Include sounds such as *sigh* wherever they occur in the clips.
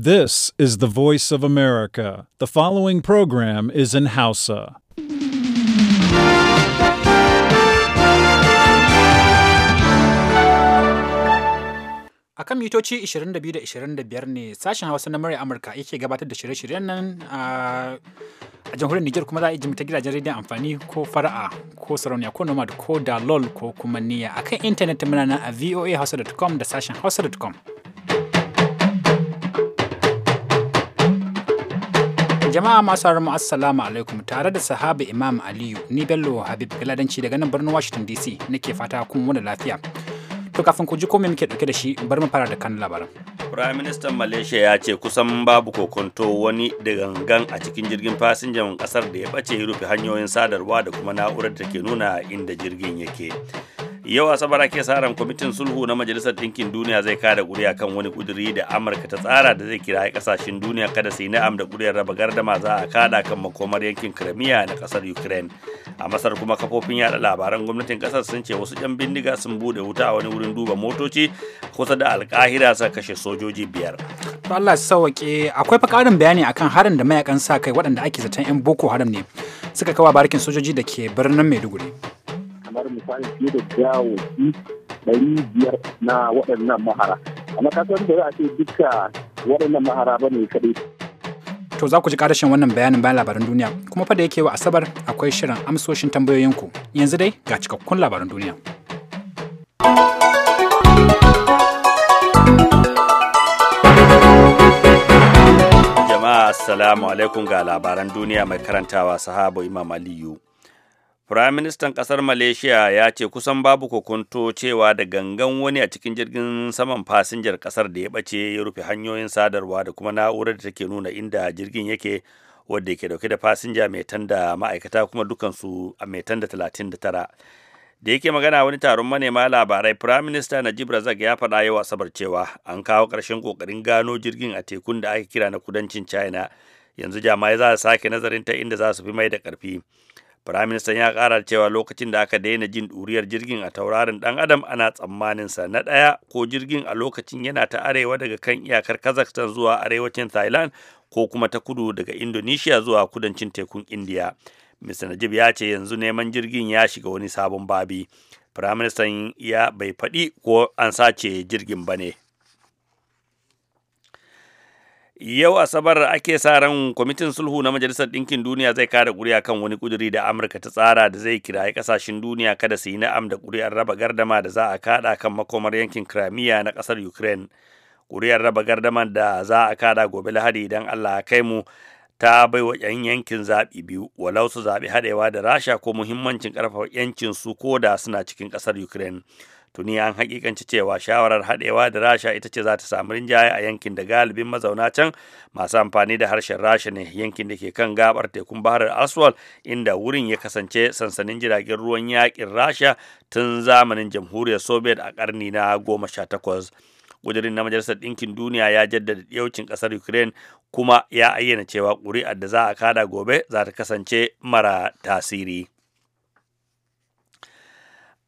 This is the voice of America. The following program is in Hausa. A kan mitoci 22 da 25 ne sashen Hausa na murya Amurka yake gabatar da shirye-shiryen nan a jamhuriyar Nijar kuma za a ji ta gidajen rediyon amfani ko fara'a ko sarauniya ko nomad ko dalol ko kuma niyya. A kan intanet muna nan a voahausa.com da sashen hausa.com. Jama'a masu haramu assalamu alaikum tare da sahaba Imam Aliyu ni Bello Habib Galadanci daga nan birnin Washington DC ke fata kun wani lafiya. To kafin ku ji komai muke dauke da shi bari mu fara da kan labaran. Prime Minister Malaysia ya ce kusan babu kokonto wani da gangan a cikin jirgin fasinjan kasar da ya bace ya rufe hanyoyin sadarwa da kuma na'urar da ke nuna inda jirgin yake. yau asabar ake sa ran kwamitin sulhu na majalisar ɗinkin duniya zai kada kuri'a kan wani kuduri da amurka ta tsara da zai kira kasashen duniya kada su yi na'am da kuri'ar raba gardama za a kada kan makomar yankin kremiya na kasar ukraine a masar kuma kafofin yada labaran gwamnatin kasar sun ce wasu yan bindiga sun bude wuta a wani wurin duba motoci kusa da alkahira sa kashe sojoji biyar to Allah sauke akwai fa ƙarin bayani akan harin da mayakan sa kai waɗanda ake zaton yan boko haram ne suka kawa barikin sojoji da ke birnin maiduguri kamar misali fiye da shi ɗari biyar na waɗannan mahara amma san da za a ce duka waɗannan mahara ba ne kaɗai to za ku ji ƙarashin wannan bayanin bayan labaran duniya kuma fa da yake wa asabar akwai shirin amsoshin tambayoyinku yanzu dai ga cikakkun labaran duniya jama'a assalamu alaikum ga labaran duniya mai karantawa sahabo imam aliyu Firaministan ƙasar Malaysia ya ce kusan babu kokonto cewa da gangan wani a cikin jirgin saman fasinjar ƙasar da ya ɓace ya rufe hanyoyin sadarwa da kuma na'urar da take nuna inda jirgin yake wadda ke dauke da fasinja mai tanda ma'aikata kuma dukansu a mai tanda 39. da yake magana wani taron manema labarai firaminista minister najib razak ya faɗa yau asabar cewa an kawo ƙarshen ƙoƙarin gano jirgin a tekun da ake kira na kudancin china yanzu jama'ai za su sake nazarin ta inda za su fi mai da ƙarfi Firaministan ya ƙara cewa lokacin da aka daina jin ɗuriyar jirgin a taurarin ɗan adam ana tsammanin sa na ɗaya ko jirgin a lokacin yana ta arewa daga kan iyakar Kazakhstan zuwa arewacin Thailand ko kuma ta kudu daga Indonesia zuwa kudancin tekun India. Mr. Najib ya ce yanzu neman jirgin ya shiga wani sabon babi. Firaministan ya bai faɗi ko an sace jirgin ba ne. yau asabar ake sa ran kwamitin sulhu na majalisar ɗinkin duniya zai kada ƙuri'a kan wani ƙuduri da amurka ta tsara da zai kiraye ƙasashen duniya kada su yi na'am da ƙuri'ar raba gardama da za a kada kan makomar yankin kramiya na ƙasar ukraine ƙuri'ar raba gardama da za a kada gobe lahadi idan allah ya kai mu ta bai wa 'yan yankin zaɓi biyu walau su zaɓi haɗewa da rasha ko muhimmancin ƙarfafa 'yancin su ko da suna cikin ƙasar ukraine tuni an hakikanci cewa shawarar haɗewa da rasha ita ce za ta samu rinjaye a yankin da galibin mazauna can masu amfani da harshen rasha ne yankin da ke kan gabar tekun bahar aswal inda wurin ya kasance sansanin jiragen ruwan yakin rasha tun zamanin jamhuriyar soviet a ƙarni na goma sha takwas ƙudurin na majalisar ɗinkin duniya ya jaddada yaucin ƙasar ukraine kuma ya ayyana cewa ƙuri'ar da za a kada gobe za ta kasance mara tasiri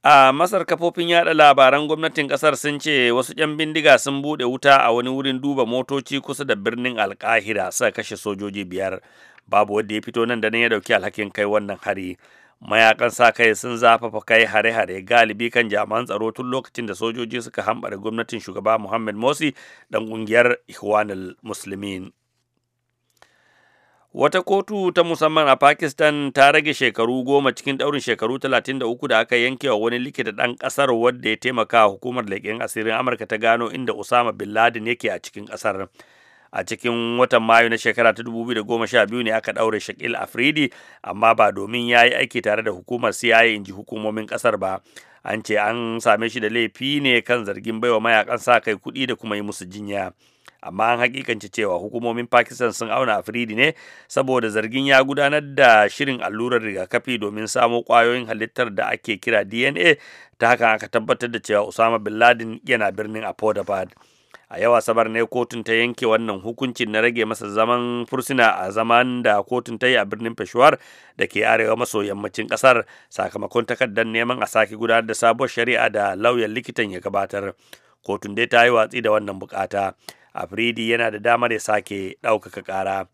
A Masar kafofin yada labaran gwamnatin kasar sun ce wasu 'yan bindiga sun buɗe wuta a wani wurin duba motoci kusa da birnin Alkahira sa kashe sojoji biyar. Babu wanda ya fito nan da nan ya dauki alhakin kai wannan hari. mayakan sa kai sun zafafa kai hare-hare galibi kan jami'an tsaro tun lokacin da sojoji suka hambare gwamnatin shugaba Muhammad Morsi dan kungiyar Ikhwanul Muslimin. Wata kotu ta musamman a Pakistan ta rage shekaru goma cikin ɗaurin shekaru 33 da aka yanke wa wani likita ɗan ƙasar wadda ya taimaka hukumar leƙen asirin Amurka ta gano inda usama Bin Laden yake a cikin kasar. a cikin watan mayu na shekara ta 2012 ne aka ɗaure shakil afridi amma ba domin ya yi aiki tare da hukumar cia in ji hukumomin ƙasar ba an ce an same shi da laifi ne kan zargin baiwa mayakan sa kai kuɗi da kuma yi musu jinya amma an hakikanci cewa hukumomin pakistan sun auna afridi ne saboda zargin ya gudanar da shirin allurar rigakafi domin samo kwayoyin halittar da ake kira dna ta haka aka tabbatar da cewa usama bin laden yana birnin abbottabad a yawa sabar ne kotun ta yanke wannan hukuncin na rage masa zaman fursuna a zaman da kotun ta yi a birnin peshawar da ke arewa maso yammacin kasar sakamakon takardar neman a sake gudanar da sabuwar shari'a da lauyan likitan ya gabatar kotun dai ta yi watsi da wannan bukata afridi yana da damar ya sake ɗaukaka ƙara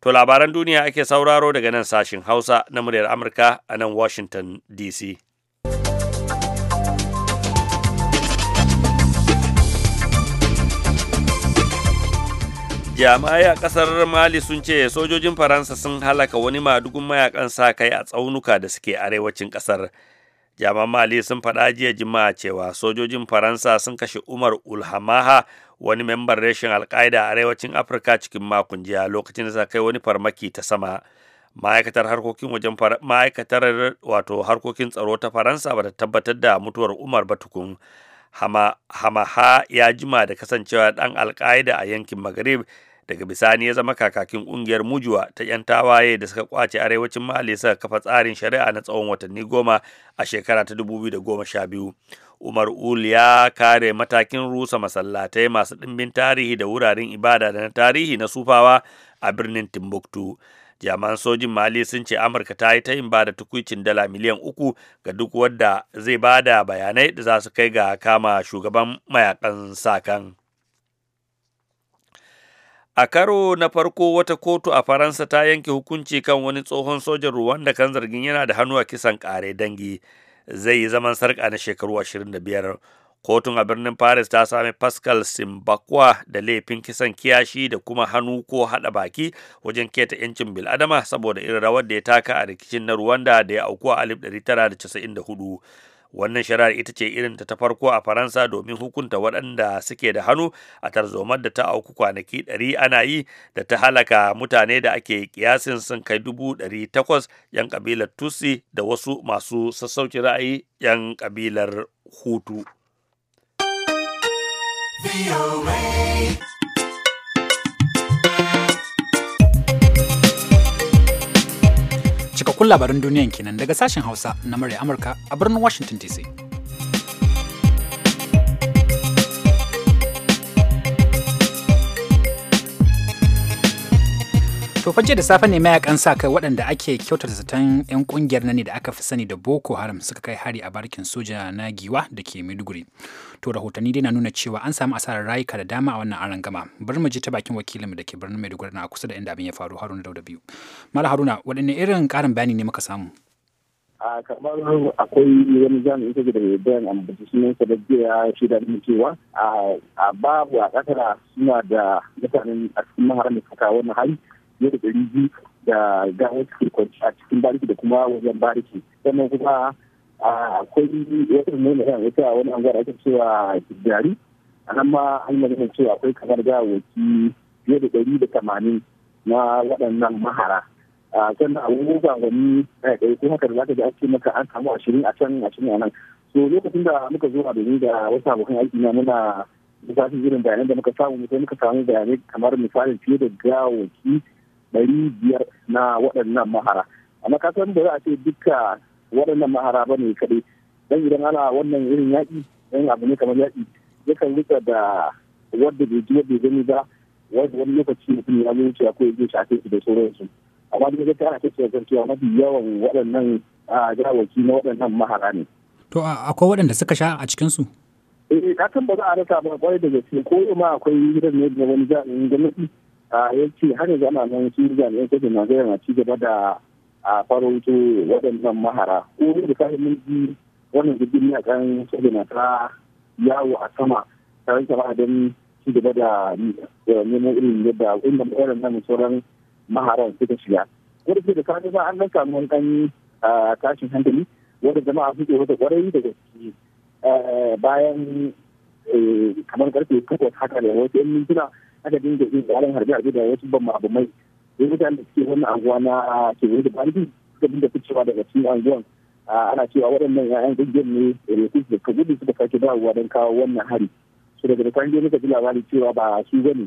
to labaran duniya ake sauraro daga nan sashin hausa na muryar amurka a nan washington dc jami'ai a ƙasar mali sun ce sojojin faransa sun halaka wani madugun mayakan sa kai a tsaunuka da suke arewacin ƙasar jami'an mali sun faɗa jiya juma'a cewa sojojin faransa sun kashe umar ulhamaha wani membar reshen alkaida a arewacin afirka cikin makon jiya lokacin da kai wani farmaki ta sama ma'aikatar harkokin wajen ma'aikatar wato harkokin tsaro ta faransa ba ta tabbatar da mutuwar umar ba tukun hamaha ya jima da kasancewa dan alkaida a yankin maghrib daga bisani ya zama kakakin kungiyar mujuwa ta 'yan tawaye da suka kwace arewacin mali suka kafa tsarin shari'a na tsawon watanni goma a shekara ta 2012 umar ul ya kare matakin rusa masallatai masu ɗimbin tarihi da wuraren ibada da na tarihi na sufawa a birnin timbuktu jami'an sojin mali sun ce amurka ta yi yin ba da tukwicin dala miliyan uku ga duk wadda zai ba da bayanai da za su kai ga kama shugaban mayakan sakan. A karo na farko wata kotu a Faransa ta yanke hukunci kan wani tsohon sojan Ruwanda kan zargin yana da hannu a kisan kare dangi zai yi zaman sarka na shekaru 25. Kotun a birnin Paris ta sami Pascal Simbakwa da laifin kisan kiyashi da kuma hannu ko haɗa baki wajen keta 'yancin bil'adama saboda irin rawar da ya taka a rikicin na Ruwanda da ya auku a 1994. wannan shari'ar ita ce irin ta farko a faransa domin hukunta waɗanda suke da hannu a tarzomar da ta auku kwanaki ɗari ana yi da ta halaka mutane da ake kiyasin sun kai dubu ɗari takwas yan ƙabilar tusi da wasu masu sassauci ra'ayi yan ƙabilar hutu. kun labaran duniyan kenan daga sashen Hausa na murya Amurka a birnin Washington DC. To fanje da safe ne mayakan sa kai waɗanda ake kyautata zaton 'yan ƙungiyar nan ne da aka fi sani da Boko Haram suka kai hari a barkin soja na Giwa da ke Maiduguri. To rahotanni dai na nuna cewa an samu asarar rayuka da dama a wannan arangama. Bari mu ji ta bakin wakilinmu da ke birnin Maiduguri na kusa da inda abin ya faru Haruna Dauda biyu. Mala Haruna waɗanne irin ƙarin bayani ne muka samu? a kamar akwai wani jami'in ta da bayan ambaci sunan sa da jiya shida ne cewa a babu a kasara suna da mutanen a cikin maharan da suka wannan hali fiye da ɗari biyu da gawar suke kwanci a cikin bariki da kuma wajen bariki sannan kuma akwai wata nuna yan wata wani anguwar ake cewa jari a nan ma an magana cewa akwai kamar wasu fiye da ɗari da tamanin na waɗannan mahara sannan a wani gwangwani ɗaya ko haka da za ka ji ake maka an samu ashirin a can ashirin a nan so lokacin da muka zo a domin da wasu abokan aiki na muna lissafin irin bayanan da muka samu mutum muka samu bayanai kamar misalin fiye da gawaki ɗari biyar na waɗannan mahara amma ka san ba za a ce duka waɗannan mahara ba ne kaɗai don idan ana wannan irin yaƙi don abu ne kamar yaƙi yakan rika da wadda bai ji bai gani ba wanda wani lokaci mutum ya zo wuce ko ya je shafe su da sauransu amma dai gaskiya ana tattauna cewa mafi yawan waɗannan jawaki na waɗannan mahara ne. to akwai waɗanda suka sha a cikinsu? Eh, eh ka san ba za a rasa ba kwarai da gaske ko ma akwai irin ne da wani jami'in gwamnati Ah, ya ce har yanzu nan su jami'an sojin najeriya na ci gaba da a wuce waɗannan mahara ko da kayan mulki wannan jirgin ya kan sojin na ta yawo a sama tare da don ci gaba da neman irin yadda inda irin nan sauran maharan suka shiga ke da kayan ba an nan samu wani tashin hankali wanda jama'a suke wata kwarai da gaske eh, bayan eh, kamar karfe takwas haka da wasu 'yan mintuna aka dinga yin yaran harbe harbe da wasu ban mabumai sai mutane da suke wannan anguwa na ke wani da bandi suka dinga ficewa daga cikin anguwan ana cewa waɗannan 'ya'yan gungiyar ne rekus eh, da ka gudu suka sake dawowa don kawo wannan hari su daga da kwanje muka ji labari cewa ba su gani.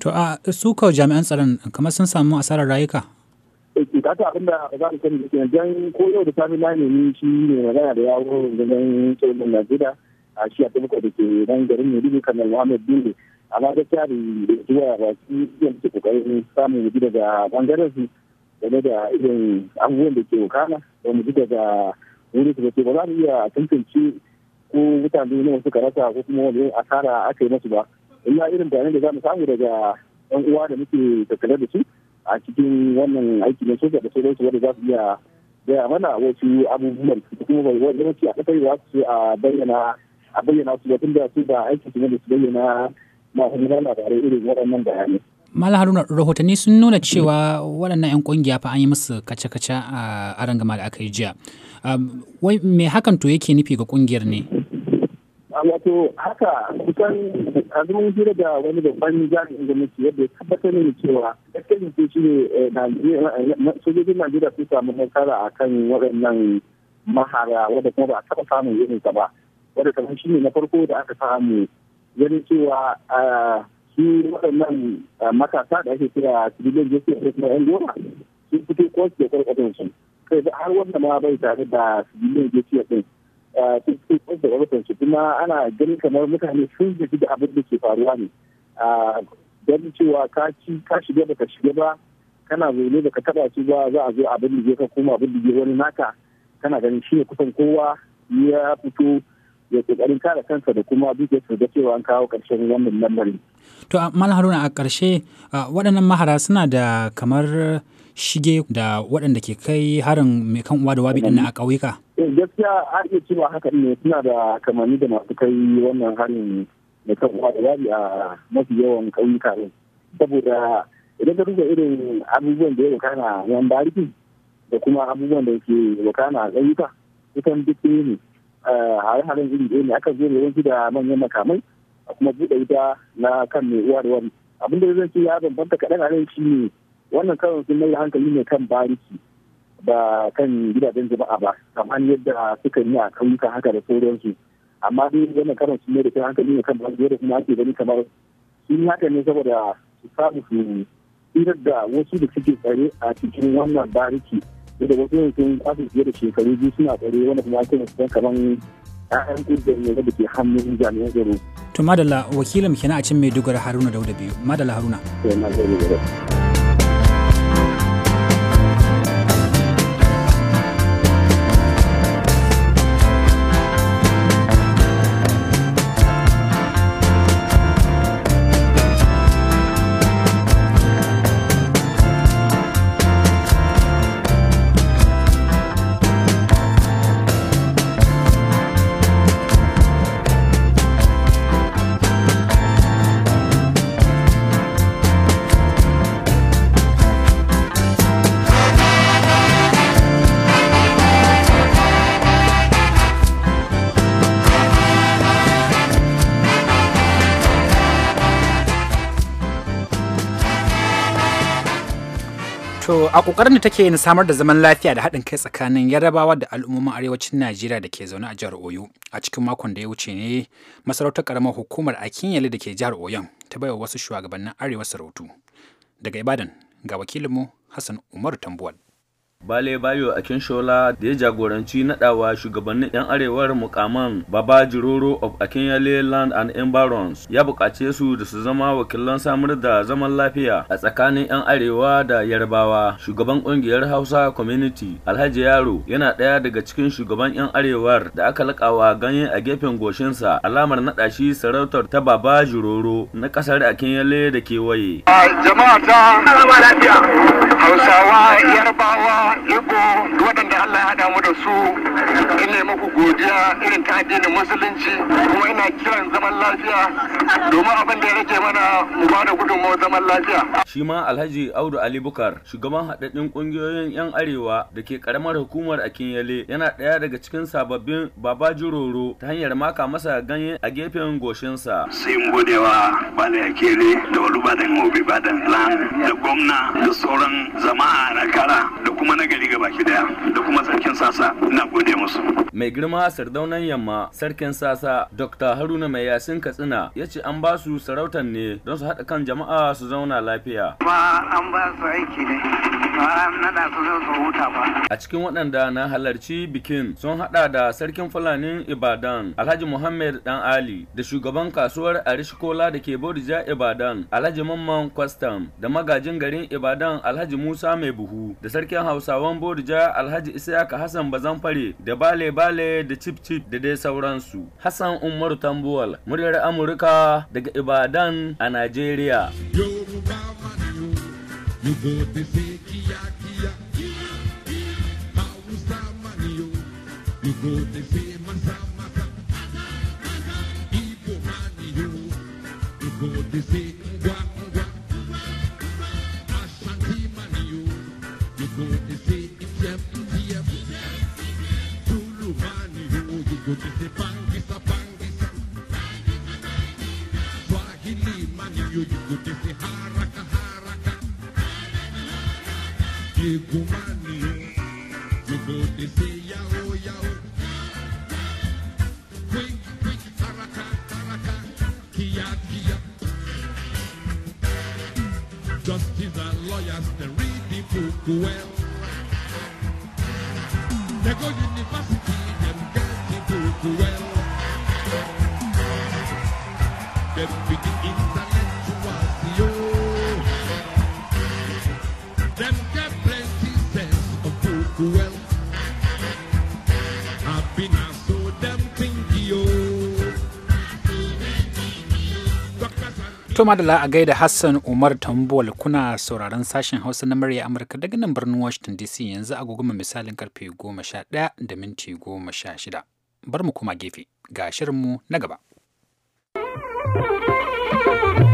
to a su kawai jami'an tsaron kamar sun samu asarar rayuka. ke eh, kata abin da ba za mu sani ke don ko yau da sami na nemi shi ne magana da yawo tsohon na gida a shi a tabbata da ke nan garin duk kanar muhammad bello amma ta yi zuwa baki yin su kokarin samun yaji daga bangaren su game da irin abubuwan da ke wakana da mu ji daga wuri su ce ba za mu iya tantance ko mutane ne wasu karata ko kuma wani asara aka yi masu ba Ina irin bayanan da za mu samu daga yan uwa da muke tattale da su a cikin wannan aiki na soja da sauransu wanda za su iya gaya mana wasu abubuwan da kuma bai wani a kasar za su a bayyana a bayyana su da tun da su da aiki su ne da su bayyana ma'aikatan labarai irin waɗannan bayanai. Mala Haruna rahotanni sun nuna cewa waɗannan 'yan ƙungiya fa an yi musu kace-kace a arangama da aka yi jiya. Um, wai me hakan to yake nufi ga ƙungiyar ne? Wato haka kusan azumin hira da wani babban jami'in gwamnati yadda ya tabbatar ne cewa gaskiyar ko shi ne eh, eh, sojojin Najeriya sun samu nasara a kan waɗannan mahara wadda kuma ba a taɓa samun irinsa ba. Wadda kamar shi ne na farko da aka samu ganin cewa shi waɗannan matasa da ake kira civilian justice a cikin 'yan goma sun fito ko su da su kai da har wanda ma bai tare da civilian justice ɗin sun fito ko su da su kuma ana ganin kamar mutane sun gaji da abin da ke faruwa ne ganin cewa ka ci ka shiga baka shiga ba kana zaune ka taba su ba za a zo abin da ka koma abin da wani naka kana ganin shi ne kusan kowa ya fito ya kokarin kare kansa da kuma dukiyarsa da cewa an kawo karshen wannan lamarin. To Mal Haruna a ƙarshe waɗannan mahara suna da kamar shige da waɗanda ke kai harin mai kan uwa da wabi ɗin a ƙauyuka. Eh, gaskiya har iya cewa haka ne suna da kamanni da masu kai wannan harin mai kan uwa da wabi a mafi yawan ƙauyuka ne. Saboda idan ka duba irin abubuwan da ya wakana yan bariki da kuma abubuwan da ke wakana a ƙauyuka kusan duk ne hare-haren iri ɗaya ne aka zo ne da manyan makamai a kuma buɗe ita na kan mai uwa da wani abin da zan ce ya bambanta kaɗan a nan shi ne wannan kawai sun mai hankali ne kan bariki ba kan gidajen jama'a ba kamar yadda suka yi a kauyuka haka da sauransu amma dai wannan kawai sun mai da hankali ne kan bariki yadda kuma ake gani kamar sun yi haka ne saboda su samu su tsirar da wasu da suke tsare a cikin wannan bariki da wasu sun kwafi fiye da shekaru biyu suna tsare wanda kuma ake musu kaman ƴaƴan ƙungiyar ne da ke hannun jami'an tsaro. to madalla wakilin kenan a cin maiduguri haruna dauda biyu madalla haruna. Eh, a kokarin da take yin samar da zaman lafiya da haɗin kai tsakanin yarabawa da al'ummomin arewacin najeriya da ke zaune a jihar oyo a cikin makon da ya wuce ne masarautar karamar hukumar akinyali da ke jihar oyon ta baiwa wasu shugabannin arewa sarautu daga ibadan ga wakilinmu hassan umar tambuwal Bale Bayo a Shola da ya jagoranci nadawa shugabannin 'yan arewar mukaman Baba Jiroro of Akinyele Land and Environs ya buƙace su da su zama wakilan samar da zaman lafiya a tsakanin 'yan arewa da yarbawa. Shugaban ƙungiyar Hausa Community Alhaji Yaro yana ɗaya daga cikin shugaban 'yan arewar da aka laƙawa ganye a gefen goshinsa alamar naɗa shi sarautar ta Baba Jiroro na ƙasar Akinyele da kewaye. Jama'a ta Hausawa Yarbawa iko waɗanda Allah ya damu da su ne muku godiya irin ta addinin musulunci kuma ina kiran zaman lafiya domin abin da ya rage mana mu ba da gudunmawa zaman lafiya. Shi ma Alhaji Audu Ali Bukar shugaban haɗaɗɗin ƙungiyoyin 'yan Arewa da ke ƙaramar hukumar a kinyale, yana ɗaya daga cikin sababbin Baba Jiroro ta hanyar maka masa ganye a gefen goshinsa. Sai godewa Bada Akele da wani Olubadan Mobi Badan Land da gwamna da sauran jama'a na kara da kuma na gari ga baki daya da kuma sarkin sasa na gode musu mai girma sardaunan yamma sarkin sasa dr haruna mai yasin katsina ya ce an ba su sarautar ne don su haɗa kan jama'a su zauna lafiya ba an ba su aiki ne A cikin waɗanda na halarci bikin sun haɗa da Sarkin fulani Ibadan, Alhaji Muhammad Dan Ali, da shugaban kasuwar arishikola da ke Borja Ibadan, Alhaji Mamman Kwastam, da magajin garin Ibadan Alhaji Musa Mai Buhu, da Sarkin Hausawan Borja Alhaji Isiyaka Hassan Bazanfare, da Bale Bale da Chip Chip da dai sauransu. Hassan Umaru Tambuwal, muryar Amurka daga Ibadan a Najeriya. You go You go to Masam, Masam, Igbo man, yo. Igbo, they say Ngwa, Ngwa, Ashanti man, yo. Igbo, they say Ijem, Ijem, Zulu man, yo. Igbo, they say Bangisa, Bangisa, Swahili man, yo. Igbo, they say Haraka, Haraka, Igbo man. to ma da a gaida Hassan Umar Tambol kuna sauraron sashen Hausa na murya Amurka daga nan birnin Washington DC yanzu a goma misalin karfe 11 da minti 16. Bar mu kuma gefe ga shirinmu na gaba.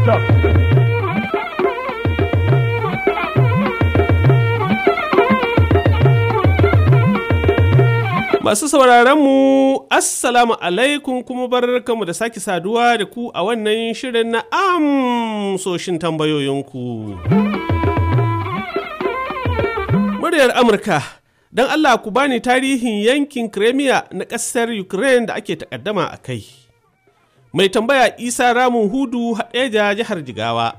Masu sauraron mu Assalamu alaikum kuma barkanmu da sake saduwa da ku a wannan shirin na amsoshin tambayoyinku. Muryar Amurka, don Allah ku bani tarihin yankin Crimea na ƙasar Ukraine da ake takaddama a kai. Mai tambaya Isa Ramun Hudu Haɗeja jihar Jigawa.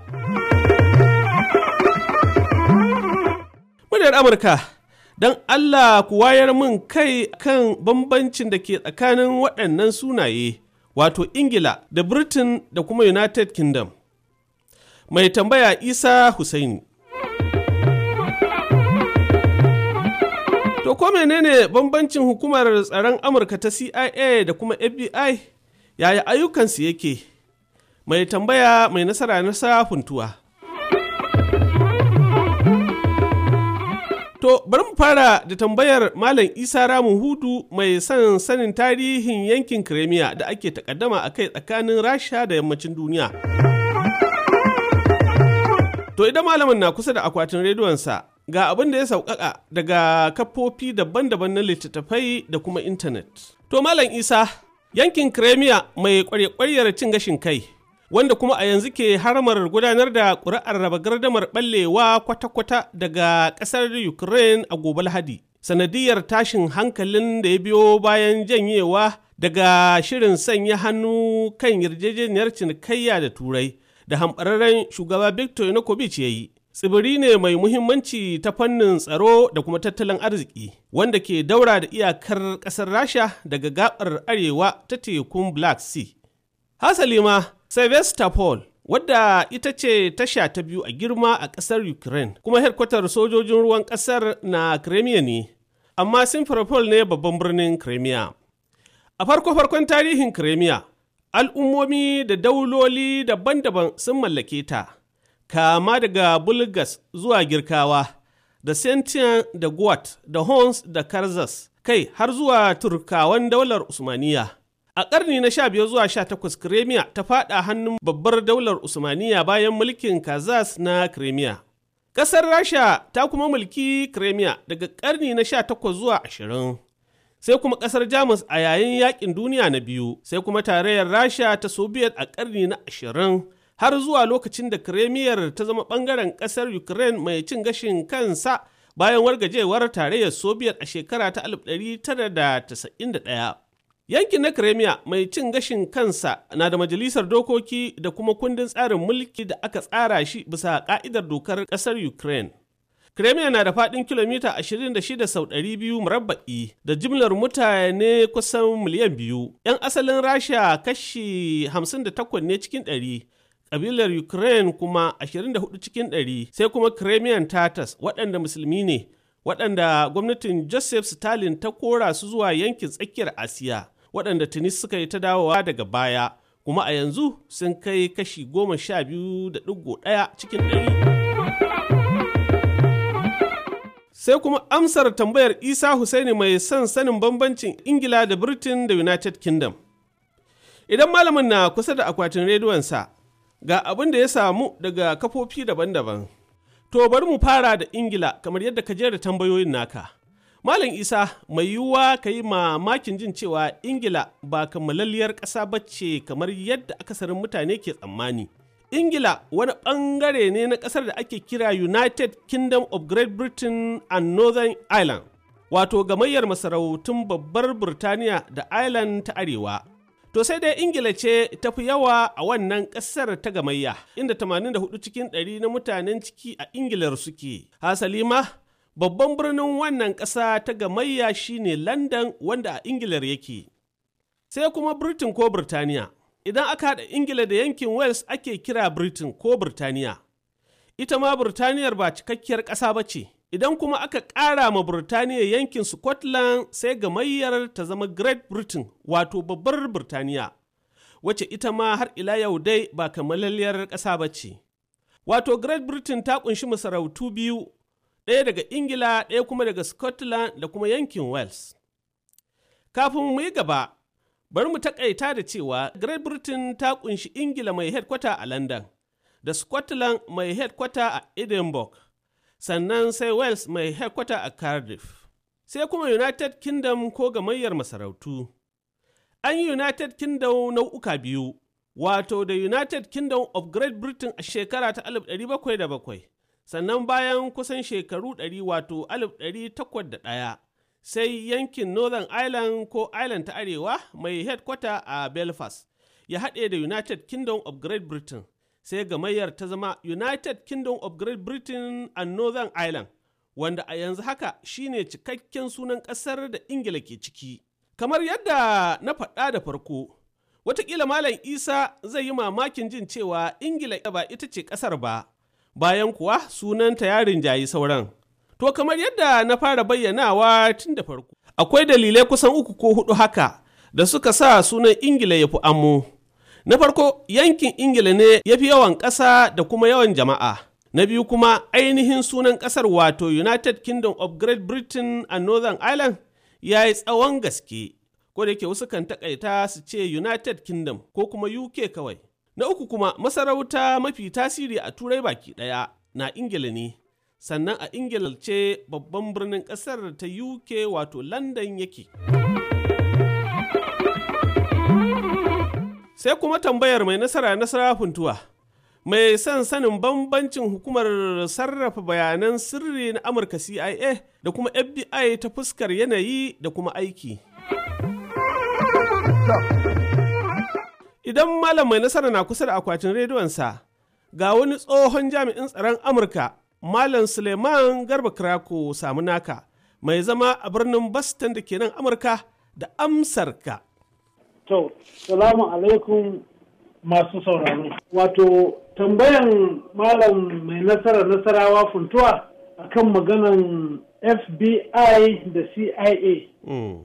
Muryar Amurka, don Allah ku wayar min kai kan bambancin da ke tsakanin waɗannan sunaye, wato Ingila da Britain da kuma United Kingdom. Mai tambaya Isa Husaini. To ko menene bambancin hukumar tsaron Amurka ta CIA da kuma FBI? yaya ayyukansu yake mai tambaya mai nasara na funtuwa To bari mu fara da tambayar Malam Isa Ramun Hudu mai son sanin tarihin yankin Kremiya da ake takaddama a kai tsakanin Rasha da yammacin duniya. To idan malamin na kusa da akwatin rediyonsa ga abin da ya sauƙaƙa daga kafofi daban-daban na littattafai da kuma intanet. To Malam Isa, Yankin Crimea mai kwarekwariyar cin gashin kai, wanda kuma a yanzu ke haramar gudanar da ƙuri'ar raba gardamar ɓallewa kwata-kwata daga ƙasar Ukraine a gobe Lahadi. Sanadiyar tashin hankalin da ya biyo bayan janyewa daga shirin sanya hannu kan yarjejeniyar cinikayya da Turai da hamɓararren shugaba Victor yanukovic ya yi. Tsibiri ne mai muhimmanci ta fannin tsaro da kuma tattalin arziki, wanda ke daura da iyakar ƙasar Rasha daga gabar arewa ta tekun Black Sea. Hasali ma, Sevastopol, wadda ita ce tasha ta biyu a girma a ƙasar Ukraine, kuma herkwatar sojojin ruwan ƙasar na Crimea ne, amma Simferopol ne babban birnin Crimea. A farko-farkon tarihin Crimea, al'ummomi da dauloli daban-daban sun mallake ta. kama daga Bulgas zuwa Girkawa, da Sentian da Guat, da Hons da Karzas, kai har zuwa Turkawan daular Usmaniya. A ƙarni na 15 zuwa 18 Kremiya ta faɗa hannun babbar daular Usmaniya bayan mulkin Kazas na Kremiya. Ƙasar Rasha ta kuma mulki Kremiya daga ƙarni na 18 zuwa 20. sai kuma ƙasar jamus a yayin yakin duniya na biyu sai kuma tarayyar rasha ta soviet a ƙarni na ashirin har zuwa lokacin da Kremiyar ta zama ɓangaren ƙasar Ukraine mai cin gashin kansa bayan wargajewar tarayyar Soviet a shekara ta 1991. Yankin na kremiya mai cin gashin kansa na da majalisar dokoki da kuma kundin tsarin mulki da aka tsara shi bisa ka'idar dokar kasar Ukraine. kremiya na da faɗin kilomita 26,200 murabba'i da jimlar mutane kusan miliyan biyu. 'Yan asalin Rasha kashi 58 ne cikin 100 kabilar Ukraine kuma 24 cikin 100 sai kuma Crimean Tatars waɗanda musulmi ne waɗanda gwamnatin Joseph Stalin ta kora su zuwa yankin tsakiyar Asiya waɗanda tuni suka yi ta dawowa daga baya kuma a yanzu sun kai kashi 12.1 cikin 100. Sai kuma amsar tambayar Isa Hussaini mai son sanin bambancin Ingila da Britain da United Kingdom. Idan malamin na kusa da akwatin rediyonsa Ga abin da ya samu daga kafofi daban-daban. To bari mu fara da Ingila kamar yadda ka jera tambayoyin naka. Malam Isa mai yiwuwa ka yi mamakin jin cewa Ingila ba kammalalliyar ƙasa ba ce kamar yadda akasarin mutane ke tsammani. Ingila wani ɓangare ne na ƙasar da ake kira United Kingdom of Great Britain and Northern Ireland, wato gamayyar masarautun babbar Burtaniya da Ireland ta Arewa. To sai dai Ingila ce ta fi yawa a wannan ƙasar ta gamayya, inda 84 cikin ɗari na mutanen ciki a Ingilar suke. Hasali ma, babban birnin wannan ƙasa ta gamayya shine London wanda a Ingilar yake. Sai kuma Britain ko Birtaniya. Idan aka haɗa Ingila da yankin Wales ake kira Britain ko Birtaniya. Ita ma Birtaniyar ba cikakkiyar ƙasa ba ce. Idan kuma aka ƙara ma Burtaniya yankin Scotland sai gamayyar ta zama Great Britain wato babbar Burtaniya, wacce ita ma har ila yau dai ba kamalalliyar ƙasa ba ce. Wato Great Britain ta ƙunshi masarautu biyu, ɗaya daga Ingila ɗaya kuma daga Scotland da kuma yankin Wales. Kafin mu yi gaba, bari mu taƙaita da cewa Great Britain ta ƙunshi Ingila mai headquarter a London da Scotland mai headquarter a Edinburgh sannan sai Wales mai hekwata a Cardiff, sai kuma United Kingdom ko gamayyar masarautu. An yi United Kingdom nau'uka biyu, wato da United Kingdom of Great Britain a shekara ta 1707, sannan bayan kusan shekaru 100 wato da 1801, sai yankin Northern Ireland ko Ireland ta Arewa mai headquarter a Belfast, ya haɗe da United Kingdom of Great Britain. sai gamayyar ta zama United Kingdom of Great Britain and Northern Ireland, wanda a yanzu haka shine cikakken sunan ƙasar da Ingila ke ciki. Kamar yadda na faɗa da farko, watakila Malam Isa zai yi mamakin jin cewa Ingila ba ita ce ƙasar ba, bayan kuwa sunanta ya rinjayi sauran. To kamar yadda na fara bayyanawa tun da farko, akwai dalilai kusan uku ko huɗu haka da suka sa sunan Ingila ya fi ammo. Na farko yankin Ingila ne ya fi yawan ƙasa da kuma yawan jama'a. Na biyu kuma ainihin sunan ƙasar wato United Kingdom of Great Britain and Northern Ireland ya yi tsawon gaske, ko da yake wasu kan takaita su ce United Kingdom ko kuma UK kawai. Na uku kuma masarauta mafi tasiri a turai baki ɗaya na Ingila ne, sannan a Ingila ce babban birnin ƙasar ta UK wato London yake. Sai kuma tambayar mai nasara nasara funtuwa. Mai son sanin bambancin hukumar sarrafa bayanan sirri na Amurka CIA da kuma FBI ta fuskar yanayi da kuma aiki. Idan malam mai nasara na kusa da akwatin rediyonsa, ga wani tsohon jami'in tsaron Amurka, Malam Suleiman Garba samu naka? mai zama a birnin Boston da ke nan Amurka da amsarka. To, salamu alaikum masu sauraro. Wato, tambayan malam mai nasara nasarawa funtuwa kan maganan FBI da CIA. Mm.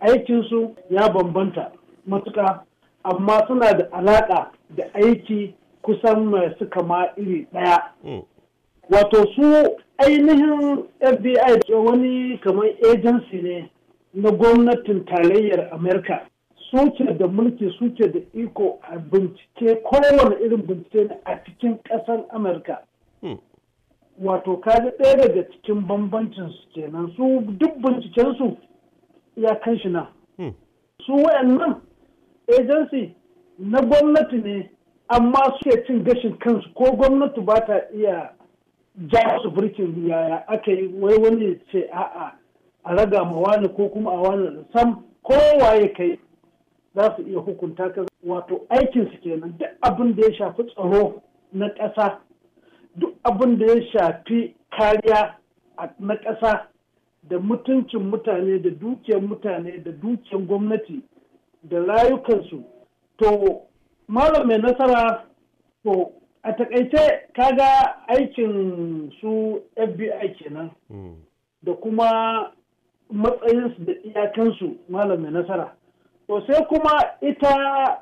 Aikinsu ya bambanta matuka, amma suna da alaƙa da aiki kusan masu kama iri ɗaya. Mm. Wato su ainihin FBI wani kamar agency ne na gwamnatin tarayyar Amerika. suke da mulki suke da iko a bincike kowane irin bincike ne a cikin ƙasar amurka hmm. wato kaji ɗaya daga cikin bambancin su kenan su duk bincikensu ya kan shi na hmm. su wayannan agency na gwamnati ne amma suke cin gashin kansu ko gwamnati ba ta iya ja su birkin yaya aka yi wai wani ce a'a a raga ma wani ko kuma a wani sam kowaye kai za su iya hukunta ka wato aikinsu kenan duk abin da ya shafi tsaro na ƙasa duk abin da ya shafi kariya na ƙasa da mutuncin mutane da dukiyar mutane da dukiyar gwamnati da rayukansu to malam mai nasara to a takaice kaga aikin su fbi kenan hmm. da kuma matsayinsu da iyakansu malam mai nasara To sai kuma ita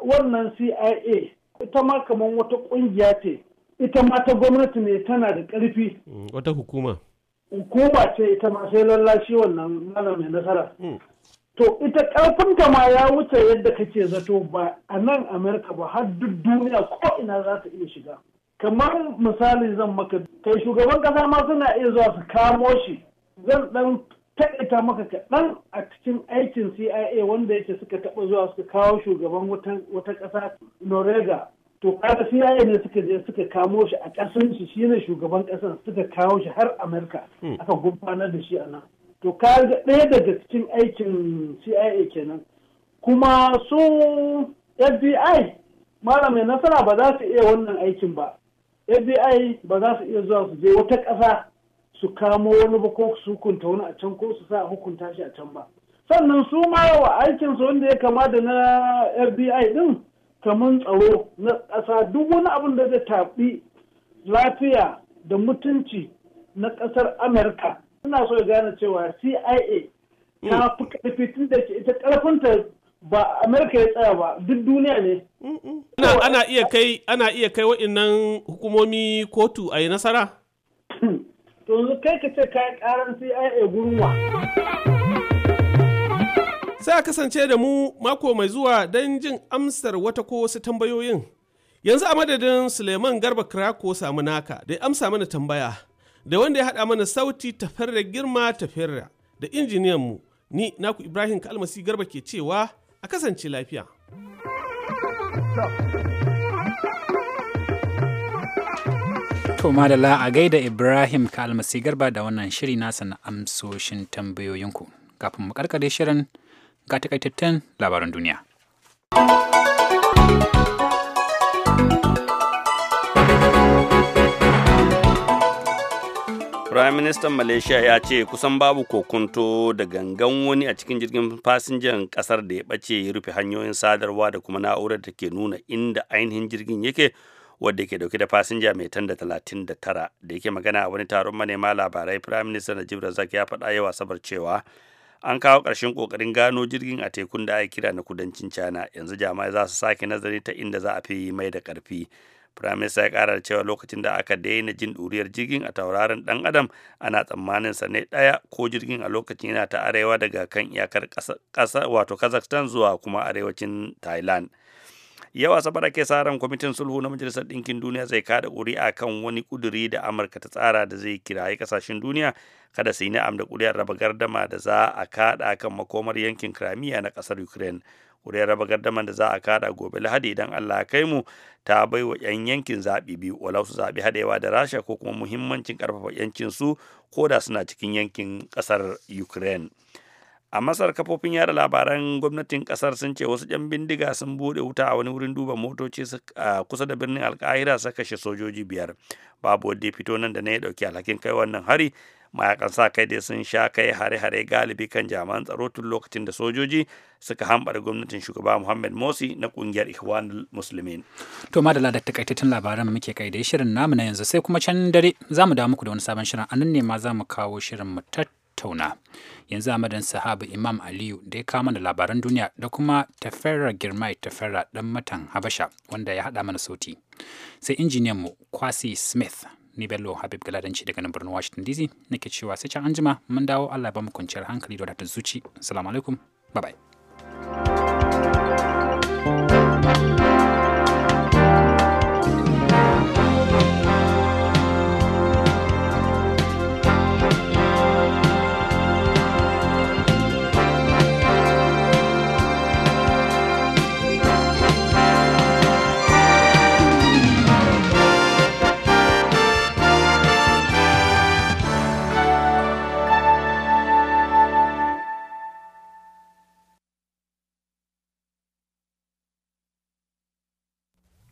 wannan CIA ita ma kamar wata ƙungiya ce ita ma ta gwamnati ne tana da ƙarfi. Mm, wata hukuma. Hukuma ce ita ma sai lallashi wannan nana mai nasara. Mm. To ita ta ma ya wuce yadda kake zato ba a nan Amerika ba har duk duniya ko ina za ta iya shiga. Kamar misali zan maka kai shugaban ƙasa ma suna iya zuwa su kamo shi zan ɗan taƙaita maka kaɗan a cikin aikin CIA wanda yake suka taɓa zuwa suka kawo shugaban wata ƙasa Norega. To kaga CIA ne suka je suka kamo shi a ƙasan shi ne shugaban ƙasar suka kawo shi har Amerika hmm. aka gurfanar da shi a nan. To kaga ɗaya daga cikin aikin CIA kenan. Kuma su FBI mara mai nasara ba za su iya wannan aikin ba. FBI ba za su iya zuwa su je wata ƙasa su kamo wani ba ko su hukunta wani a can ko su sa hukunta shi a can ba sannan su ma wa aikin wanda ya kama da na FBI din kamar tsaro na ƙasa duk wani abin da zai tafi lafiya da mutunci na ƙasar Amurka suna so ya gane cewa CIA mm. ta fi ƙarfi tun da ita ƙarfinta ba Amerika ya tsaya ba duk duniya ne. Ana iya kai ana iya hukumomi kotu a yi nasara? *clears throat* to yanzu kai ka ce karan CIA gurwa. Sai a kasance da mu mako mai zuwa don jin amsar wata ko wasu tambayoyin. Yanzu a madadin Suleiman Garba Krako samu naka da ya amsa mana tambaya da wanda ya haɗa mana sauti tafiyar girma tafiyar da injiniyan mu ni naku Ibrahim Kalmasi Garba ke cewa a kasance lafiya. Stop. To madalla a gaida Ibrahim ka almasi garba da wannan shiri nasa na amsoshin tambayoyinku. Kafin mu karkare shirin ga takaitattun labaran duniya. Prime Minister Malaysia ya ce kusan babu kokunto da gangan wani a cikin jirgin fasinjan kasar da ya bace ya rufe hanyoyin sadarwa da kuma na'urar da ke nuna inda ainihin jirgin yake wadda ke dauke da fasinja mai tan da 39 da yake magana a wani taron manema labarai prime minister najib razak ya faɗa yawa sabar cewa an kawo ƙarshen ƙoƙarin gano jirgin a tekun da ake kira na kudancin china yanzu jami'ai za su sake nazari ta inda za a fi yi mai da ƙarfi prime minister ya ƙara da cewa lokacin da aka daina jin ɗuriyar jirgin a tauraron ɗan adam ana tsammanin sa ne ɗaya ko jirgin a lokacin yana ta arewa daga kan iyakar ƙasa wato kazakhstan zuwa kuma arewacin thailand yau asabar ake sa ran kwamitin sulhu na majalisar ɗinkin duniya zai kada ƙuri'a kan wani ƙuduri da amurka ta tsara da zai kiraye ƙasashen duniya kada su yi na'am da ƙuri'ar raba gardama da za a kada kan makomar yankin kramiya na ƙasar ukraine ƙuri'ar raba gardama da za a kada gobe lahadi idan allah kai mu ta bai wa 'yan yankin zaɓi biyu walau su zaɓi haɗewa da rasha ko kuma muhimmancin ƙarfafa 'yancin su ko da suna cikin yankin ƙasar ukraine a masar kafofin yada labaran gwamnatin kasar sun ce wasu yan bindiga sun bude wuta a wani wurin duba motoci kusa da birnin alkahira suka kashe sojoji biyar babu wadda ya fito nan da na ya dauki alhakin kai wannan hari mayakan sa kai dai sun sha kai hare-hare galibi kan jami'an tsaro tun lokacin da sojoji suka hambar gwamnatin shugaba muhammad mosi na kungiyar ihwan muslimin to madala da takaitattun labaran muke kai da shirin namu na yanzu sai kuma can dare za mu dawo muku da wani sabon shirin a nan ne ma za mu kawo shirin mu tattauna. Yanzu a madan sahabu Imam Aliyu da ya kama da labaran duniya da kuma Tafera Girmai Tafera dan matan Habasha wanda ya haɗa mana sauti. Sai injiniyan mu Kwasi Smith ni Bello Habib Galadanci daga nan birnin Washington DC nake cewa sai can anjima mun dawo Allah ba mu kwanciyar hankali da wadatar zuci. Assalamu alaikum. Bye bye.